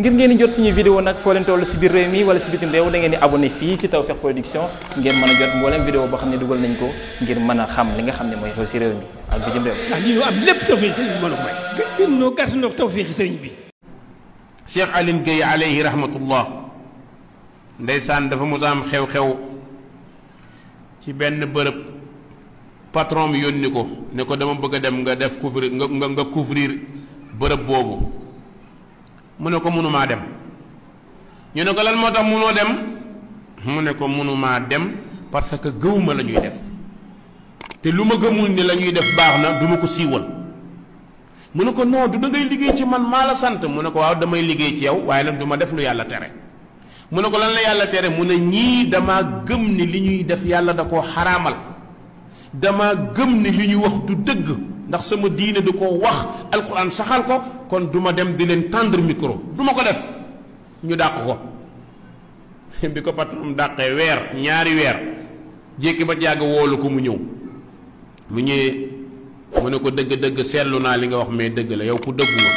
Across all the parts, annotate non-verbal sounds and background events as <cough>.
ngir ngeen di jot suñu vidéo nag foo leen toll si biir réew mi wala si bitim réew da ngeen di abonné fii si Tawfekh Production ngeen mën a jot mboolem vidéo boo xam ne dugal nañ ko ngir mën a xam li nga xam ne mooy xew si réew mi ak bitim réew. ndax lii ñu am lépp tawfeex bi mën a may. gën gën ñoo gàtt ndeysaan dafa mos a am xew-xew ci benn bërëb. patron bi yónni ko ne ko dama bëgg a dem nga def couvrir nga nga couvrir bërëb boobu mu ne ko mënumaa dem ñu ne ko lan moo tax mënoo dem mu ne ko mënumaa dem parce que gëwuma la ñuy def te lu ma gëmul ni la ñuy def baax na du ma ko siiwal mu ne ko non du da liggéey ci man maa la sant mu ne ko waaw damay liggéey ci yow waaye nag du def lu yàlla tere mu ne ko lan la yàlla tere mu ne ñii dama gëm ni li ñuy def yàlla da koo xaraamal dama gëm ni li ñuy wax du dëgg ndax sama diine du ko wax alquran saxal ko kon duma dem di leen tendre micro du ma ko def ñu dàq ko <laughs> bi ko patron dàqee weer ñaari weer jékki ba jàgg woolu ko mu ñëw mu ñëwee mu ne ko dëgg-dëgg seetlu naa li nga wax mais dëgg la yow ku dëggu ma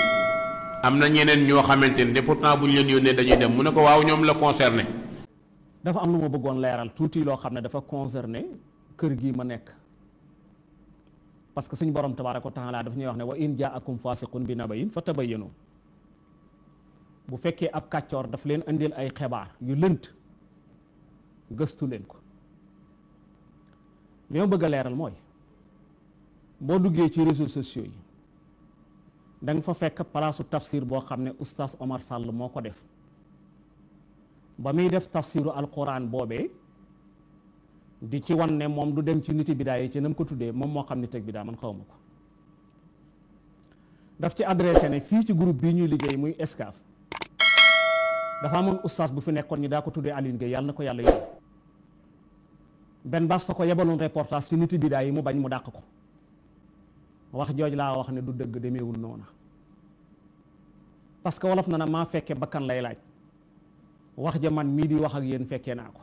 am na ñeneen ñoo xamante ne pourtant bu ñu leen yónnee dañuy dem mu ne ko waaw ñoom la concerné. dafa am lu ma bëggoon leeral tuuti loo xam ne dafa concerné kër gi ma nekk. parce que suñu borom tabaaraka wa taala daf ñuy wax ne wa in jaakum fasiqun bi nabayin fa tabayyanu bu fekkee ab kàccoor daf leen andil ay xabaar yu lënt gëstu leen ko li ma bëgg a leeral mooy boo duggee ci réseau sociaux yi da fa fekk palaasu tafsir boo xam ne oustaz Omar Sall moo ko def ba muy def tafsiru alquran boobee di ci wan ne moom du dem ci niti bidaa yi ci nam ko tuddee moom moo xam ni teg bidaa man xaw ma ko daf ci adressé ne fii ci groupe bii ñuy liggéey muy Excaf dafa amoon oustaz bu fi nekkoon ñi daa ko tuddee Alioune Gueye yàlla na ko yàlla yóbbu benn bas fa ko yebaloon reportage ci niti bidaa yi mu bañ mu dàq ko wax jooj laa wax ne du dëgg demeewul noona parce que wolof na na maa fekke bakkan lay laaj wax ja man mii di wax ak yéen fekkee naa ko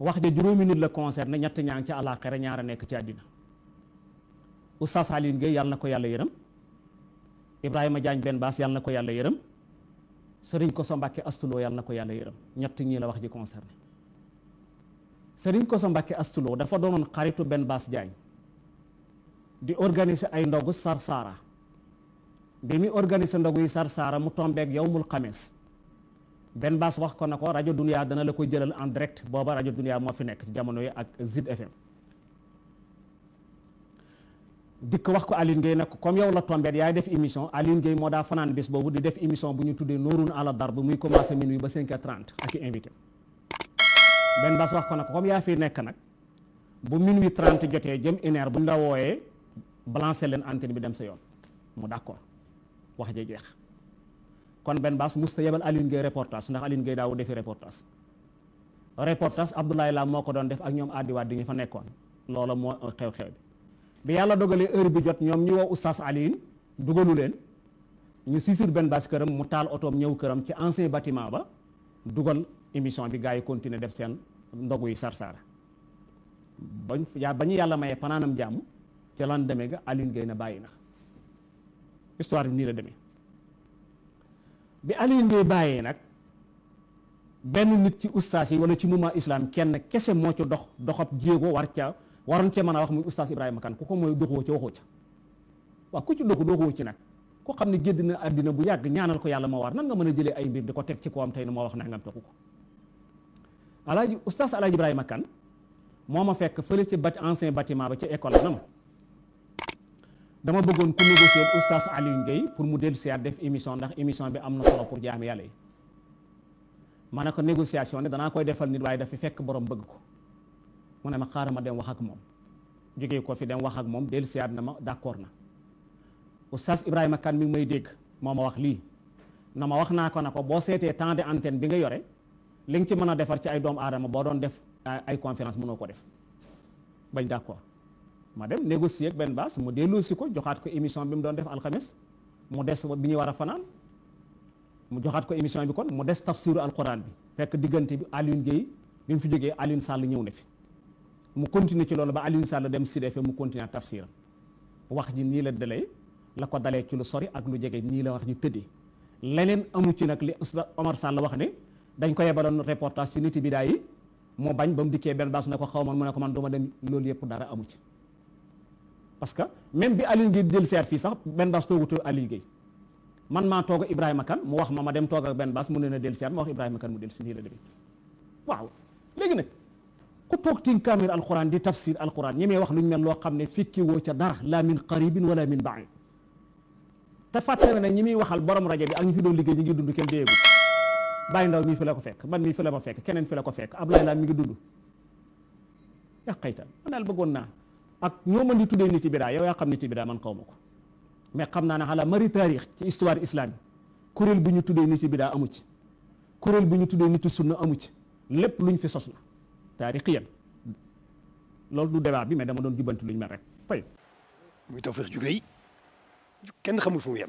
wax ja juróomi nit la concerné ñett ñaa ngi ci àllaaxira ñaar a nekk ci àddina Oustaz Alioune Gueye yàlla na ko yàlla yërëm Ibrahima Diagne benn baas yàlla na ko yàlla yërëm Sëriñ Koso Mbàkke astuloo yàlla na ko yàlla yërëm ñett ñii la wax ji concerné Sëriñ Koso Mbàkke astuloo dafa doonoon xaritu benn baas Diagne di organiser ay ndogu Sarsara bi muy organiser ndogu yi saara mu tombeek yawmul xamees benn baas wax ko na ko rajo Dunia dana la koy jëlal en direct booba rajo Dunia moo fi nekk ci jamono yi ak Zid FM dikk wax ko Alioune Gueye nag comme yow la tombé yaay def émission Alioune Gueye moo daa fanaan bis boobu di def émission bu ñu tuddee Nooruun ala Darb muy commencé minuit ba 5h30 ak invité benn baas wax ko na ko comme yaa fi nekk nag bu minuit trent jotee jëm une bu ñu la wooyee balancé leen antenne bi dem sa yoon mu d'accord wax ja kon benn baas musta yebal Alioune Gueye reportage ndax Alioune Gueye daawu defi reportage reportage Abdoulaye Lam moo ko doon def ak ñoom Addi Wade ñu fa nekkoon loola moo xew-xew bi bi yàlla dogalee heure bi jot ñoom ñu woo oustaz Alioune dugalu leen ñu siisir benn baas këram mu taal otoom ñëw këram ci ancien bâtiment ba dugal émission bi gars yi continuer def seen ndogu yi sarsara bañ yaa ba ñu yàlla mayee panaanam jàmm ci lan demee ga Alioune Gueye na bàyyi na histoire bi nii la demee bi Alioune Gueye bàyyee nag benn nit ci ustaas yi wala ci mouvement islam kenn kese moo ci dox doxab jéego war ca waroon cee mën a wax muy ustaas Ibrahima Kane ku ko mooy doxoo ca waxoo ca waaw ku ci doxu doxoo ci nag ko xam ne gédd na àddina bu yàgg ñaanal ko yàlla moo war nan nga mën a jëlee ay mbir di ko teg ci kawam tey ne moo wax nangam taxu ko alaaji ustaas alaaji Ibrahima Kane moo ma fekk fële ci bat ancien bâtiment ba ci école na ma dama bëggoon ku négocier oustaz Alioune Gueye pour mu dellu siyaat def émission ndax émission bi am na solo pour jaam yàlla yi ma ne ko négociation ne danaa koy defal nit waaye dafa fekk borom bëgg ko mu ne ma xaaral ma dem wax ak moom jógee ko fi dem wax ak moom dellu siyaat na ma d'accord na oustaz Ibrahima kan mi ngi may dégg moo ma wax lii na ma wax naa ko na ko boo seetee temps de antenne bi nga yore li nga ci mën a defar ci ay doomu aadama boo doon def ay conférence mënoo ko def bañ d'accord ma dem négocier ak benn baas mu si ko joxaat ko émission bi mu doon def alxames mu des bi ñuy war a fanaan mu joxaat ko émission bi kon mu des tafsiru alquran bi fekk diggante bi Alioune Guèye bi mu fi jógee Alioune Sall ñëw na fi mu continuer ci loolu ba Alioune Sall dem si FM mu continuer tafsiram wax ji nii la delee la ko dalee ci lu sori ak lu jege nii la wax ji tëddee leneen amu ci nag li Oustaz Omar Sall wax ne dañ ko yebaloon reportage ci nit bi daay yi mu bañ ba mu dikkee benn baas ne ko xaw ma mu ko man duma dem loolu yëpp dara amu ci. parce que même bi Alioune Guèye jël seet fii sax benn bas toogutu Alioune Guèye man maa toog Ibrahima Kane mu wax ma ma dem toog ak benn bas mu ne na del seet ma wax Ibrahima Kane mu del si nii la demee waaw léegi nag ku toog tin kaamil alquran di tafsir alquran ñi may wax lu ñu mel loo xam ne fikki woo ca dara la min qaribin wala min baid te fàtte na ne ñi muy waxal borom rajo bi ak ñu fi doon liggéey ñi ngi dund kenn déyeegu bàyyi ndaw mii fi la ko fekk man mii fi la ma fekk keneen fi la ko fekk laa ngi dund yaa xayta naa ak ñoo mën di tuddee nit yi daa yow yaa xam nit yi bidaa man xaw ma ko mais xam naa ne xalaa mari taarix ci histoire islamique kuréel bu ñu tuddee nit yi daa amu ci kuréel bu ñu tuddee nit yi sunna amu ci lépp luñ fi sos la taarixiyan loolu du débat bi mais dama doon jubbanti luñ mel rek fay muy Tawfekh ju rëy kenn xamul fu mu yem